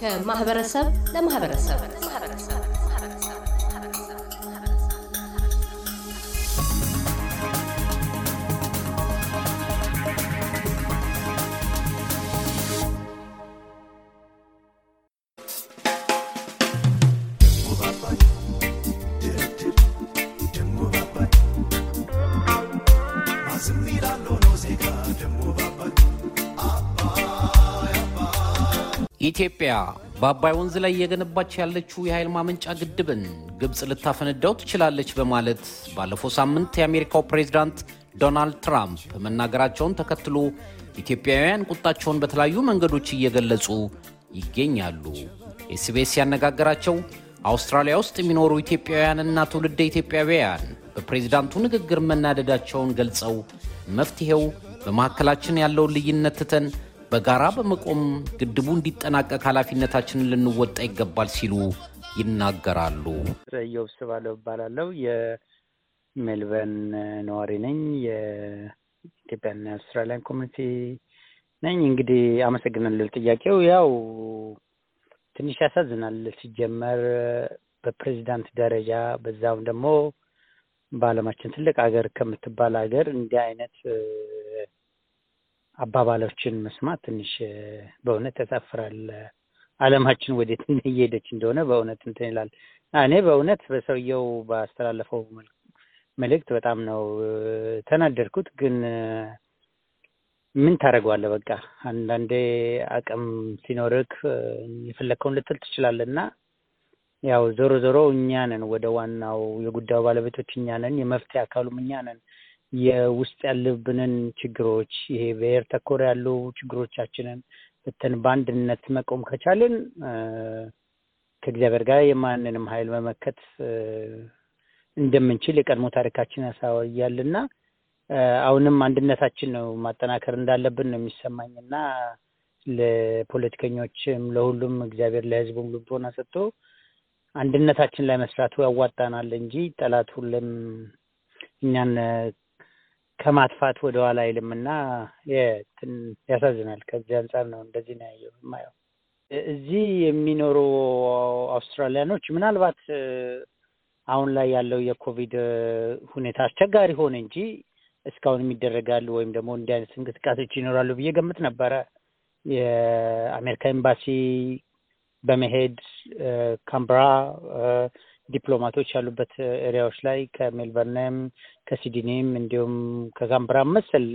ከማህበረሰብ ለማህበረሰብ ኢትዮጵያ በአባይ ወንዝ ላይ እየገነባች ያለችው የኃይል ማመንጫ ግድብን ግብፅ ልታፈነዳው ትችላለች በማለት ባለፈው ሳምንት የአሜሪካው ፕሬዝዳንት ዶናልድ ትራምፕ መናገራቸውን ተከትሎ ኢትዮጵያውያን ቁጣቸውን በተለያዩ መንገዶች እየገለጹ ይገኛሉ። ኤስቢኤስ ያነጋገራቸው አውስትራሊያ ውስጥ የሚኖሩ ኢትዮጵያውያንና ትውልደ ኢትዮጵያውያን በፕሬዝዳንቱ ንግግር መናደዳቸውን ገልጸው መፍትሄው በመካከላችን ያለውን ልዩነት ትተን በጋራ በመቆም ግድቡ እንዲጠናቀቅ ኃላፊነታችንን ልንወጣ ይገባል ሲሉ ይናገራሉ። ረየው ስባለው እባላለሁ። የሜልበርን ነዋሪ ነኝ። የኢትዮጵያና የአውስትራሊያን ኮሚኒቲ ነኝ። እንግዲህ አመሰግናለሁ። ጥያቄው ያው ትንሽ ያሳዝናል። ሲጀመር በፕሬዚዳንት ደረጃ በዛውም ደግሞ በዓለማችን ትልቅ ሀገር ከምትባል ሀገር እንዲህ አይነት አባባሎችን መስማት ትንሽ በእውነት ያሳፍራል። አለማችን ወዴት እየሄደች እንደሆነ በእውነት እንትን ይላል። እኔ በእውነት በሰውየው ባስተላለፈው መልእክት በጣም ነው ተናደድኩት። ግን ምን ታደርገዋለህ? በቃ አንዳንዴ አቅም ሲኖርክ የፈለግከውን ልትል ትችላለህ እና ያው ዞሮ ዞሮ እኛ ነን ወደ ዋናው የጉዳዩ ባለቤቶች እኛ ነን፣ የመፍትሄ አካሉም እኛ ነን። የውስጥ ያለብንን ችግሮች ይሄ ብሔር ተኮር ያሉ ችግሮቻችንን ብትን በአንድነት መቆም ከቻልን ከእግዚአብሔር ጋር የማንንም ሀይል መመከት እንደምንችል የቀድሞ ታሪካችን ያሳያልና አሁንም አንድነታችን ነው ማጠናከር እንዳለብን ነው የሚሰማኝ እና ለፖለቲከኞችም ለሁሉም እግዚአብሔር ለህዝቡም ልቦና ሰጥቶ አንድነታችን ላይ መስራቱ ያዋጣናል እንጂ ጠላት ሁሉም እኛን ከማጥፋት ወደኋላ አይልምና ያሳዝናል። ከዚህ አንጻር ነው እንደዚህ ነው ያየው የማየው። እዚህ የሚኖሩ አውስትራሊያኖች ምናልባት አሁን ላይ ያለው የኮቪድ ሁኔታ አስቸጋሪ ሆነ እንጂ እስካሁንም ይደረጋሉ ወይም ደግሞ እንዲህ አይነት እንቅስቃሴዎች ይኖራሉ ብዬ ገምት ነበረ። የአሜሪካ ኤምባሲ በመሄድ ካምብራ ዲፕሎማቶች ያሉበት ኤሪያዎች ላይ ከሜልበርንም ከሲድኒም እንዲሁም ከዛምብራ መሰል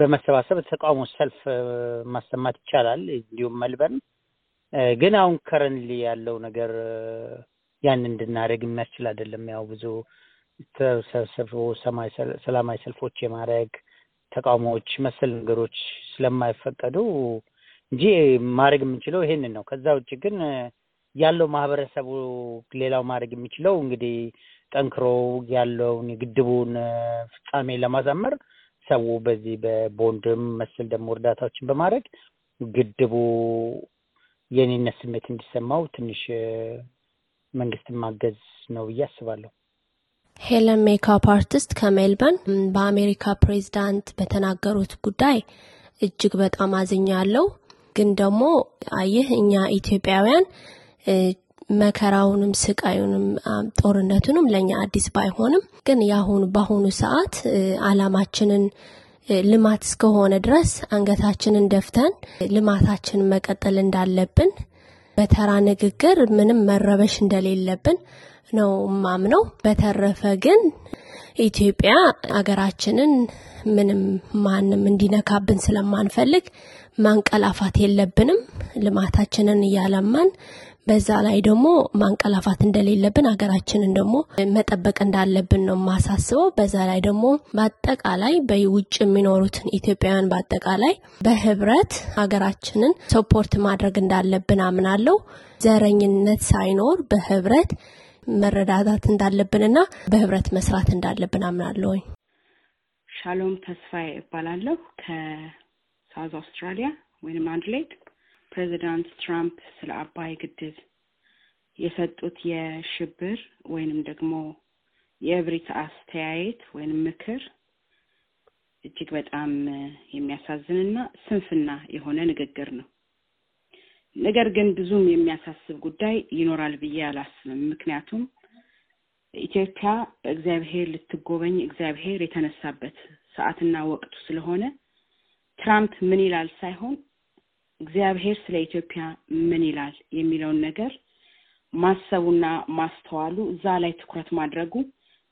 በመሰባሰብ ተቃውሞ ሰልፍ ማሰማት ይቻላል። እንዲሁም መልበርን ግን አሁን ከረንሊ ያለው ነገር ያን እንድናደረግ የሚያስችል አይደለም። ያው ብዙ ተሰብስቦ ሰላማዊ ሰልፎች የማድረግ ተቃውሞዎች መሰል ነገሮች ስለማይፈቀዱ እንጂ ማድረግ የምንችለው ይሄንን ነው። ከዛ ውጭ ግን ያለው ማህበረሰቡ ሌላው ማድረግ የሚችለው እንግዲህ ጠንክሮ ያለውን የግድቡን ፍጻሜ ለማሳመር ሰው በዚህ በቦንድም መሰል ደግሞ እርዳታዎችን በማድረግ ግድቡ የኔነት ስሜት እንዲሰማው ትንሽ መንግስትን ማገዝ ነው ብዬ አስባለሁ። ሄለን ሜካፕ አርቲስት ከሜልበርን በአሜሪካ ፕሬዚዳንት በተናገሩት ጉዳይ እጅግ በጣም አዝኛለሁ። ግን ደግሞ አየህ እኛ ኢትዮጵያውያን መከራውንም ስቃዩንም ጦርነቱንም ለእኛ አዲስ ባይሆንም ግን ያሁኑ በአሁኑ ሰዓት አላማችንን ልማት እስከሆነ ድረስ አንገታችንን ደፍተን ልማታችንን መቀጠል እንዳለብን በተራ ንግግር ምንም መረበሽ እንደሌለብን ነው ማምነው። በተረፈ ግን ኢትዮጵያ አገራችንን ምንም ማንም እንዲነካብን ስለማንፈልግ ማንቀላፋት የለብንም። ልማታችንን እያለማን በዛ ላይ ደግሞ ማንቀላፋት እንደሌለብን ሀገራችንን ደግሞ መጠበቅ እንዳለብን ነው የማሳስበው። በዛ ላይ ደግሞ በአጠቃላይ በውጭ የሚኖሩትን ኢትዮጵያውያን በአጠቃላይ በህብረት ሀገራችንን ሰፖርት ማድረግ እንዳለብን አምናለሁ። ዘረኝነት ሳይኖር በህብረት መረዳዳት እንዳለብንና በህብረት መስራት እንዳለብን አምናለሁ። ሻሎም ተስፋዬ እባላለሁ ከሳውዝ አውስትራሊያ ወይም አንድሌድ ፕሬዚዳንት ትራምፕ ስለ አባይ ግድብ የሰጡት የሽብር ወይንም ደግሞ የእብሪት አስተያየት ወይንም ምክር እጅግ በጣም የሚያሳዝንና ስንፍና የሆነ ንግግር ነው። ነገር ግን ብዙም የሚያሳስብ ጉዳይ ይኖራል ብዬ አላስብም። ምክንያቱም ኢትዮጵያ እግዚአብሔር ልትጎበኝ እግዚአብሔር የተነሳበት ሰዓትና ወቅቱ ስለሆነ ትራምፕ ምን ይላል ሳይሆን እግዚአብሔር ስለ ኢትዮጵያ ምን ይላል የሚለውን ነገር ማሰቡና ማስተዋሉ እዛ ላይ ትኩረት ማድረጉ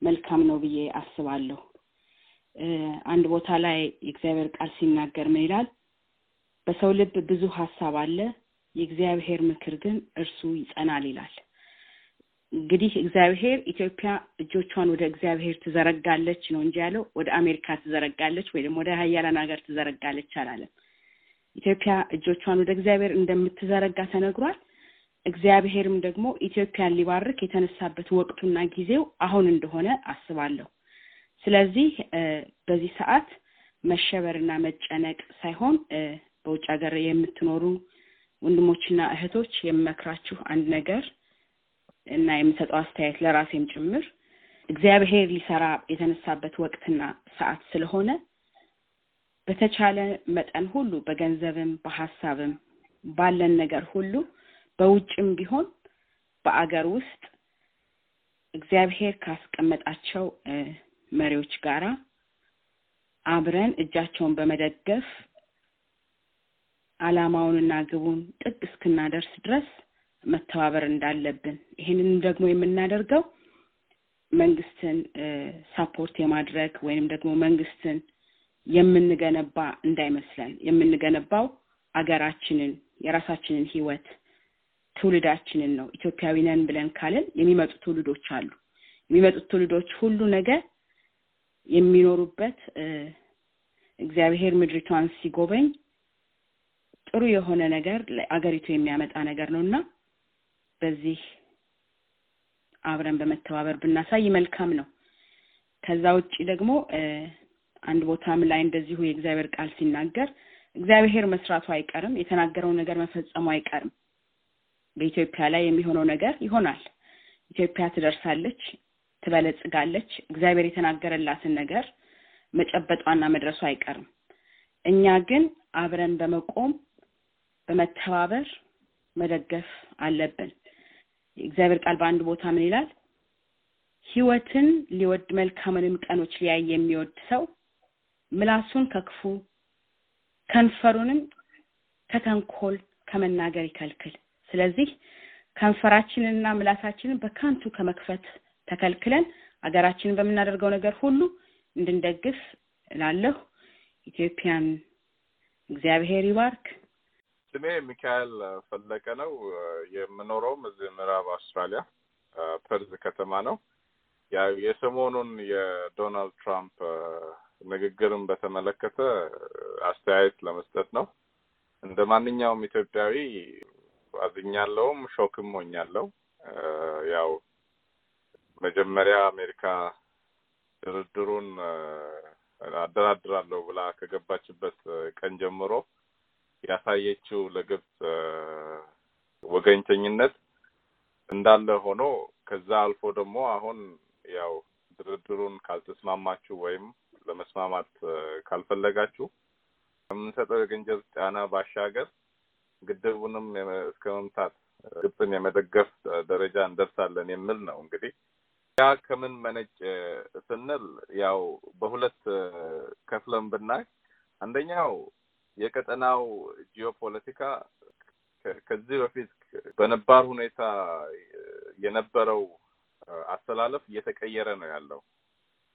መልካም ነው ብዬ አስባለሁ። አንድ ቦታ ላይ የእግዚአብሔር ቃል ሲናገር ምን ይላል? በሰው ልብ ብዙ ሀሳብ አለ፣ የእግዚአብሔር ምክር ግን እርሱ ይጸናል ይላል። እንግዲህ እግዚአብሔር ኢትዮጵያ እጆቿን ወደ እግዚአብሔር ትዘረጋለች ነው እንጂ ያለው ወደ አሜሪካ ትዘረጋለች ወይ ደግሞ ወደ ሀያላን ሀገር ትዘረጋለች አላለም። ኢትዮጵያ እጆቿን ወደ እግዚአብሔር እንደምትዘረጋ ተነግሯል። እግዚአብሔርም ደግሞ ኢትዮጵያን ሊባርክ የተነሳበት ወቅቱና ጊዜው አሁን እንደሆነ አስባለሁ። ስለዚህ በዚህ ሰዓት መሸበርና መጨነቅ ሳይሆን በውጭ ሀገር የምትኖሩ ወንድሞችና እህቶች የምመክራችሁ አንድ ነገር እና የምሰጠው አስተያየት ለራሴም ጭምር እግዚአብሔር ሊሰራ የተነሳበት ወቅትና ሰዓት ስለሆነ በተቻለ መጠን ሁሉ በገንዘብም በሀሳብም ባለን ነገር ሁሉ በውጭም ቢሆን በአገር ውስጥ እግዚአብሔር ካስቀመጣቸው መሪዎች ጋራ አብረን እጃቸውን በመደገፍ አላማውንና ግቡን ጥቅ እስክናደርስ ድረስ መተባበር እንዳለብን ይህንን ደግሞ የምናደርገው መንግስትን ሳፖርት የማድረግ ወይንም ደግሞ መንግስትን የምንገነባ እንዳይመስለን የምንገነባው አገራችንን የራሳችንን ህይወት ትውልዳችንን ነው ኢትዮጵያዊ ነን ብለን ካልን የሚመጡ ትውልዶች አሉ የሚመጡት ትውልዶች ሁሉ ነገር የሚኖሩበት እግዚአብሔር ምድሪቷን ሲጎበኝ ጥሩ የሆነ ነገር ለአገሪቱ የሚያመጣ ነገር ነው እና በዚህ አብረን በመተባበር ብናሳይ መልካም ነው ከዛ ውጭ ደግሞ አንድ ቦታም ላይ እንደዚሁ የእግዚአብሔር ቃል ሲናገር እግዚአብሔር መስራቱ አይቀርም፣ የተናገረው ነገር መፈጸሙ አይቀርም። በኢትዮጵያ ላይ የሚሆነው ነገር ይሆናል። ኢትዮጵያ ትደርሳለች፣ ትበለጽጋለች። እግዚአብሔር የተናገረላትን ነገር መጨበጧና መድረሱ አይቀርም። እኛ ግን አብረን በመቆም በመተባበር መደገፍ አለብን። የእግዚአብሔር ቃል በአንድ ቦታ ምን ይላል? ህይወትን ሊወድ መልካምንም ቀኖች ሊያይ የሚወድ ሰው ምላሱን ከክፉ ከንፈሩንም ከተንኮል ከመናገር ይከልክል። ስለዚህ ከንፈራችንንና ምላሳችንን በካንቱ ከመክፈት ተከልክለን አገራችንን በምናደርገው ነገር ሁሉ እንድንደግፍ እላለሁ። ኢትዮጵያን እግዚአብሔር ይባርክ። ስሜ ሚካኤል ፈለቀ ነው። የምኖረውም እዚህ ምዕራብ አውስትራሊያ ፐርዝ ከተማ ነው። ያው የሰሞኑን የዶናልድ ትራምፕ ንግግርን በተመለከተ አስተያየት ለመስጠት ነው። እንደ ማንኛውም ኢትዮጵያዊ አዝኛለውም ሾክም ሆኛለው። ያው መጀመሪያ አሜሪካ ድርድሩን አደራድራለሁ ብላ ከገባችበት ቀን ጀምሮ ያሳየችው ለግብጽ ወገኝተኝነት እንዳለ ሆኖ ከዛ አልፎ ደግሞ አሁን ያው ድርድሩን ካልተስማማችሁ ወይም ለመስማማት ካልፈለጋችሁ ከምንሰጠው የገንዘብ ጫና ባሻገር ግድቡንም እስከ መምታት ግብፅን የመደገፍ ደረጃ እንደርሳለን የሚል ነው። እንግዲህ ያ ከምን መነጭ ስንል ያው በሁለት ከፍለን ብናይ አንደኛው የቀጠናው ጂኦፖለቲካ ከዚህ በፊት በነባር ሁኔታ የነበረው አስተላለፍ እየተቀየረ ነው ያለው።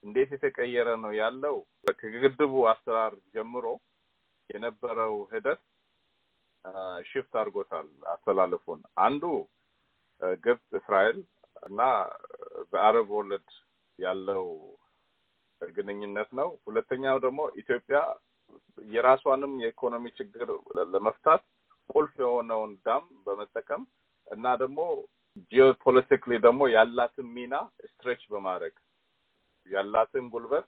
እንዴት የተቀየረ ነው ያለው ከግድቡ አሰራር ጀምሮ የነበረው ሂደት ሽፍት አድርጎታል አስተላለፉን። አንዱ ግብጽ፣ እስራኤል እና በአረብ ወለድ ያለው ግንኙነት ነው። ሁለተኛው ደግሞ ኢትዮጵያ የራሷንም የኢኮኖሚ ችግር ለመፍታት ቁልፍ የሆነውን ዳም በመጠቀም እና ደግሞ ጂኦፖለቲክሊ ደግሞ ያላትን ሚና ስትሬች በማድረግ ያላትን ጉልበት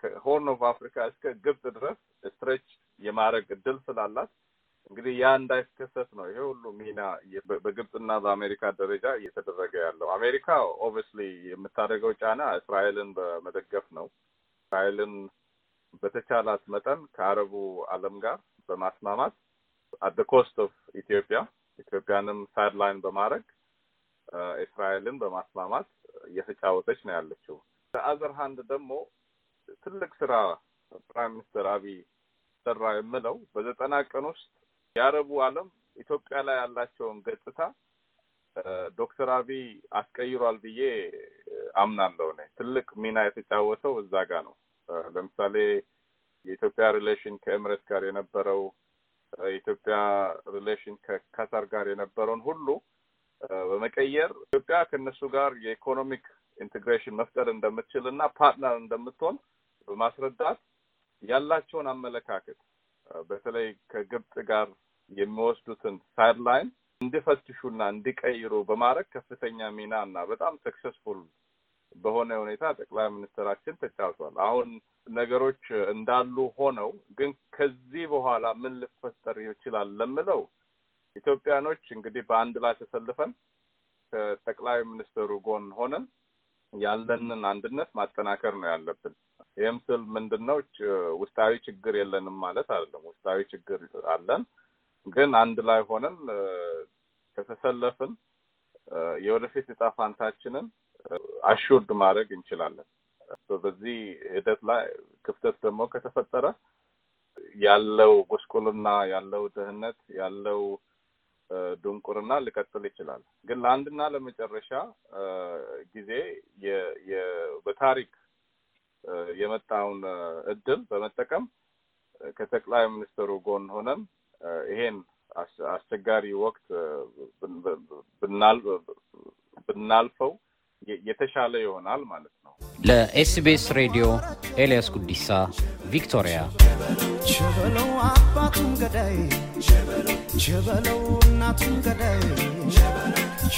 ከሆርን ኦፍ አፍሪካ እስከ ግብጽ ድረስ ስትሬች የማድረግ እድል ስላላት እንግዲህ ያ እንዳይከሰት ነው ይሄ ሁሉ ሚና በግብጽና በአሜሪካ ደረጃ እየተደረገ ያለው። አሜሪካ ኦብቪስሊ የምታደርገው ጫና እስራኤልን በመደገፍ ነው። እስራኤልን በተቻላት መጠን ከአረቡ ዓለም ጋር በማስማማት አት ኮስት ኦፍ ኢትዮጵያ ኢትዮጵያንም ሳይድላይን በማድረግ uh, እስራኤልን በማስማማት እየተጫወተች ነው ያለችው። አዘር ሀንድ ደግሞ ትልቅ ስራ ፕራይም ሚኒስትር አብይ ሰራ የምለው በዘጠና ቀን ውስጥ የአረቡ ዓለም ኢትዮጵያ ላይ ያላቸውን ገጽታ ዶክተር አብይ አስቀይሯል ብዬ አምናለሁ። እኔ ትልቅ ሚና የተጫወተው እዛ ጋ ነው። ለምሳሌ የኢትዮጵያ ሪሌሽን ከእምረት ጋር የነበረው የኢትዮጵያ ሪሌሽን ከካታር ጋር የነበረውን ሁሉ በመቀየር ኢትዮጵያ ከእነሱ ጋር የኢኮኖሚክ ኢንቴግሬሽን መፍጠር እንደምትችል እና ፓርትነር እንደምትሆን በማስረዳት ያላቸውን አመለካከት በተለይ ከግብጽ ጋር የሚወስዱትን ሳይድላይን እንዲፈትሹና እንዲቀይሩ በማድረግ ከፍተኛ ሚና እና በጣም ሰክሰስፉል በሆነ ሁኔታ ጠቅላይ ሚኒስትራችን ተጫውቷል። አሁን ነገሮች እንዳሉ ሆነው ግን ከዚህ በኋላ ምን ሊፈጠር ይችላል ለምለው ኢትዮጵያኖች እንግዲህ በአንድ ላይ ተሰልፈን ከጠቅላይ ሚኒስትሩ ጎን ሆነን ያለንን አንድነት ማጠናከር ነው ያለብን። ይህም ስል ምንድን ነው ውስጣዊ ችግር የለንም ማለት አይደለም። ውስጣዊ ችግር አለን፣ ግን አንድ ላይ ሆነን ከተሰለፍን የወደፊት ዕጣ ፋንታችንን አሹርድ ማድረግ እንችላለን። በዚህ ሂደት ላይ ክፍተት ደግሞ ከተፈጠረ ያለው ጉስቁልና፣ ያለው ድህነት፣ ያለው ድንቁርና ሊቀጥል ይችላል። ግን ለአንድና ለመጨረሻ ጊዜ በታሪክ የመጣውን እድል በመጠቀም ከጠቅላይ ሚኒስትሩ ጎን ሆነን ይሄን አስቸጋሪ ወቅት ብናልፈው የተሻለ ይሆናል ማለት ነው። ለኤስቢኤስ ሬዲዮ ኤልያስ ጉዲሳ ቪክቶሪያ። ቸበለው አባቱም ገዳይ፣ ቸበለው እናቱም ገዳይ፣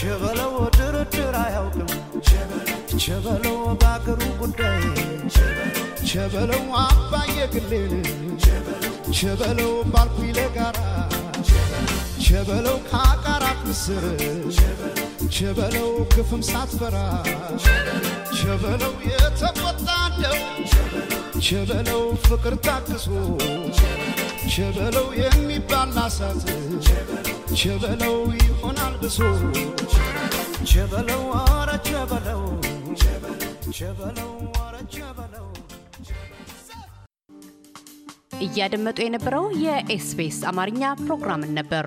ቸበለው ድርድር አያውቅም፣ ቸበለው በአገሩ ጉዳይ፣ ቸበለው አባዬ ግሌን፣ ቸበለው ባልኩ ለጋራ፣ ቸበለው ከአቃራት ምስር ቸበለው ግፍም ሳትፈራ ቸበለው የተቆጣለው ቸበለው ፍቅር ታግሶ ቸበለው የሚባል አሳት ቸበለው ይሆናል ብሶ ቸበለው አረ ቸበለው ቸበለው አረ ቸበለው እያደመጡ የነበረው የኤስቢኤስ አማርኛ ፕሮግራምን ነበር።